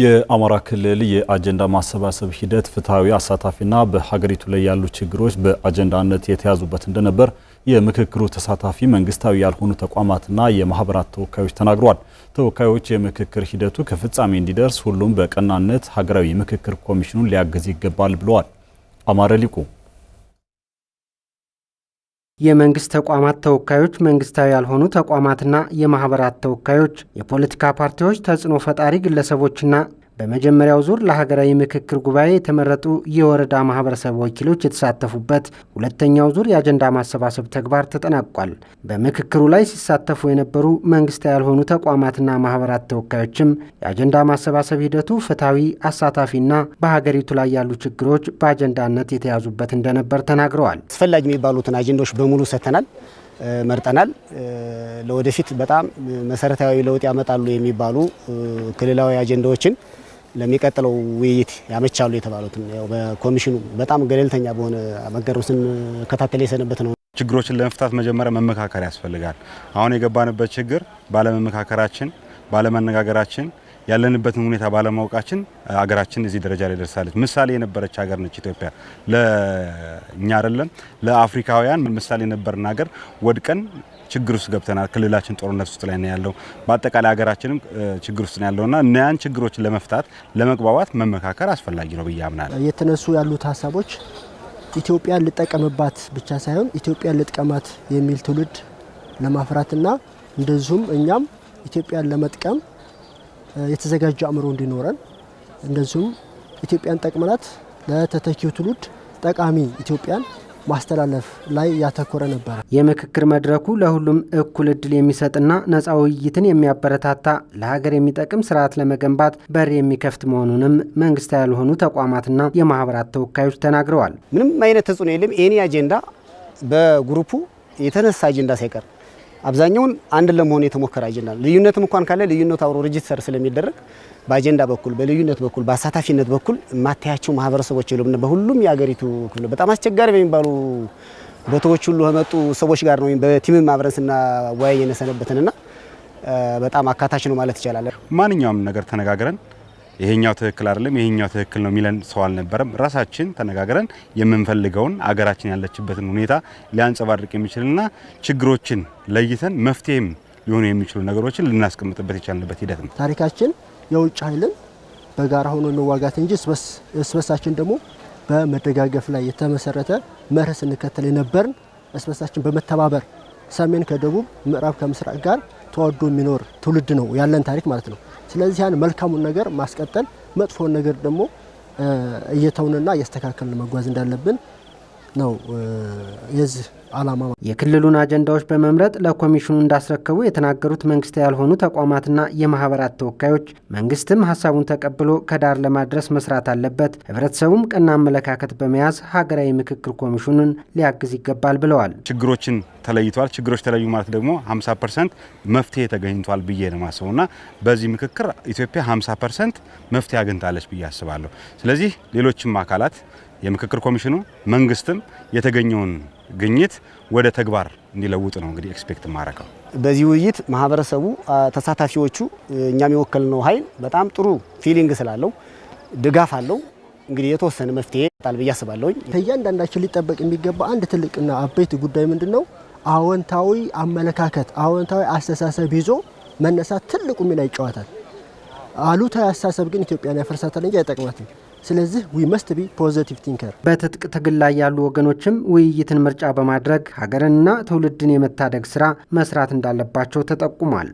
የአማራ ክልል የአጀንዳ ማሰባሰብ ሂደት ፍትሐዊ፣ አሳታፊና በሀገሪቱ ላይ ያሉ ችግሮች በአጀንዳነት የተያዙበት እንደነበር የምክክሩ ተሳታፊ መንግስታዊ ያልሆኑ ተቋማትና የማህበራት ተወካዮች ተናግረዋል። ተወካዮች የምክክር ሂደቱ ከፍጻሜ እንዲደርስ ሁሉም በቀናነት ሀገራዊ ምክክር ኮሚሽኑን ሊያግዝ ይገባል ብለዋል። አማረ ሊቁ የመንግስት ተቋማት ተወካዮች፣ መንግስታዊ ያልሆኑ ተቋማትና የማህበራት ተወካዮች፣ የፖለቲካ ፓርቲዎች፣ ተጽዕኖ ፈጣሪ ግለሰቦችና በመጀመሪያው ዙር ለሀገራዊ ምክክር ጉባኤ የተመረጡ የወረዳ ማህበረሰብ ወኪሎች የተሳተፉበት ሁለተኛው ዙር የአጀንዳ ማሰባሰብ ተግባር ተጠናቋል። በምክክሩ ላይ ሲሳተፉ የነበሩ መንግስታዊ ያልሆኑ ተቋማትና ማህበራት ተወካዮችም የአጀንዳ ማሰባሰብ ሂደቱ ፍትሐዊ፣ አሳታፊና በሀገሪቱ ላይ ያሉ ችግሮች በአጀንዳነት የተያዙበት እንደነበር ተናግረዋል። አስፈላጊ የሚባሉትን አጀንዳዎች በሙሉ ሰተናል መርጠናል። ለወደፊት በጣም መሰረታዊ ለውጥ ያመጣሉ የሚባሉ ክልላዊ አጀንዳዎችን ለሚቀጥለው ውይይት ያመቻሉ የተባሉትን ያው በኮሚሽኑ በጣም ገለልተኛ በሆነ አመጋሩ ስንከታተል የሰነበት ነው። ችግሮችን ለመፍታት መጀመሪያ መመካከር ያስፈልጋል። አሁን የገባንበት ችግር ባለመመካከራችን፣ ባለመነጋገራችን ያለንበትን ሁኔታ ባለማወቃችን አገራችን እዚህ ደረጃ ላይ ደርሳለች። ምሳሌ የነበረች ሀገር ነች ኢትዮጵያ። ለእኛ አይደለም ለአፍሪካውያን ምሳሌ የነበርን ሀገር ወድቀን ችግር ውስጥ ገብተናል። ክልላችን ጦርነት ውስጥ ላይ ነው ያለው። በአጠቃላይ ሀገራችንም ችግር ውስጥ ነው ያለውና ያን ችግሮችን ለመፍታት ለመግባባት መመካከር አስፈላጊ ነው ብዬ አምናለሁ። የተነሱ ያሉት ሀሳቦች ኢትዮጵያን ልጠቀምባት ብቻ ሳይሆን ኢትዮጵያን ልጥቀማት የሚል ትውልድ ለማፍራትና እንደዚሁም እኛም ኢትዮጵያን ለመጥቀም የተዘጋጀ አእምሮ እንዲኖረን እንደዚሁም ኢትዮጵያን ጠቅመናት ለተተኪው ትውልድ ጠቃሚ ኢትዮጵያን ማስተላለፍ ላይ ያተኮረ ነበረ። የምክክር መድረኩ ለሁሉም እኩል እድል የሚሰጥና ነፃ ውይይትን የሚያበረታታ ለሀገር የሚጠቅም ስርዓት ለመገንባት በር የሚከፍት መሆኑንም መንግስት ያልሆኑ ተቋማትና የማህበራት ተወካዮች ተናግረዋል። ምንም አይነት ተጽዕኖ የለም። ይህን አጀንዳ በግሩፑ የተነሳ አጀንዳ ሳይቀር አብዛኛውን አንድ ለመሆን የተሞከረ አጀንዳ ነው። ልዩነትም እንኳን ካለ ልዩነት አብሮ ሬጅስተር ስለሚደረግ በአጀንዳ በኩል በልዩነት በኩል በአሳታፊነት በኩል ማታያቸው ማህበረሰቦች የሉም። በሁሉም የአገሪቱ ክፍል በጣም አስቸጋሪ በሚባሉ ቦታዎች ሁሉ ከመጡ ሰዎች ጋር ነው በቲምም አብረን ስናወያይ የነሰነበትንና በጣም አካታች ነው ማለት ይቻላል። ማንኛውም ነገር ተነጋግረን ይሄኛው ትክክል አይደለም፣ ይሄኛው ትክክል ነው የሚለን ሰው አልነበረም። ራሳችን ተነጋግረን የምንፈልገውን አገራችን ያለችበትን ሁኔታ ሊያንጸባርቅ የሚችልና ችግሮችን ለይተን መፍትሄም ሊሆኑ የሚችሉ ነገሮችን ልናስቀምጥበት የቻልንበት ሂደት ነው። ታሪካችን የውጭ ኃይልን በጋራ ሆኖ መዋጋት እንጂ እስበሳችን ደግሞ በመደጋገፍ ላይ የተመሰረተ መርህ ስንከተል የነበርን እስበሳችን በመተባበር ሰሜን ከደቡብ ምዕራብ ከምስራቅ ጋር ተዋዶ የሚኖር ትውልድ ነው ያለን ታሪክ ማለት ነው። ስለዚህ ያን መልካሙን ነገር ማስቀጠል፣ መጥፎውን ነገር ደግሞ እየተውንና እያስተካከልን መጓዝ እንዳለብን ነው የዚህ አላማ። የክልሉን አጀንዳዎች በመምረጥ ለኮሚሽኑ እንዳስረከቡ የተናገሩት መንግስት ያልሆኑ ተቋማትና የማህበራት ተወካዮች መንግስትም ሀሳቡን ተቀብሎ ከዳር ለማድረስ መስራት አለበት፣ ህብረተሰቡም ቀና አመለካከት በመያዝ ሀገራዊ ምክክር ኮሚሽኑን ሊያግዝ ይገባል ብለዋል። ችግሮችን ተለይቷል። ችግሮች ተለዩ ማለት ደግሞ 50 ፐርሰንት መፍትሄ ተገኝቷል ብዬ ነው ማስበው እና በዚህ ምክክር ኢትዮጵያ 50 ፐርሰንት መፍትሄ አግኝታለች ብዬ አስባለሁ። ስለዚህ ሌሎችም አካላት የምክክር ኮሚሽኑ መንግስትም የተገኘውን ግኝት ወደ ተግባር እንዲለውጥ ነው እንግዲህ ኤክስፔክት ማረቀው። በዚህ ውይይት ማህበረሰቡ ተሳታፊዎቹ፣ እኛም የወከልነው ኃይል በጣም ጥሩ ፊሊንግ ስላለው ድጋፍ አለው። እንግዲህ የተወሰነ መፍትሄ ጣል ብዬ አስባለሁኝ። ከእያንዳንዳችን ሊጠበቅ የሚገባ አንድ ትልቅና አበይት ጉዳይ ምንድን ነው? አዎንታዊ አመለካከት፣ አዎንታዊ አስተሳሰብ ይዞ መነሳት ትልቁ ሚና ይጫወታል። አሉታዊ አስተሳሰብ ግን ኢትዮጵያን ያፈርሳታል እንጂ አይጠቅማትም። ስለዚህ ዊ መስት ቢ ፖዘቲቭ ቲንከር። በትጥቅ ትግል ላይ ያሉ ወገኖችም ውይይትን ምርጫ በማድረግ ሀገርንና ትውልድን የመታደግ ስራ መስራት እንዳለባቸው ተጠቁሟል።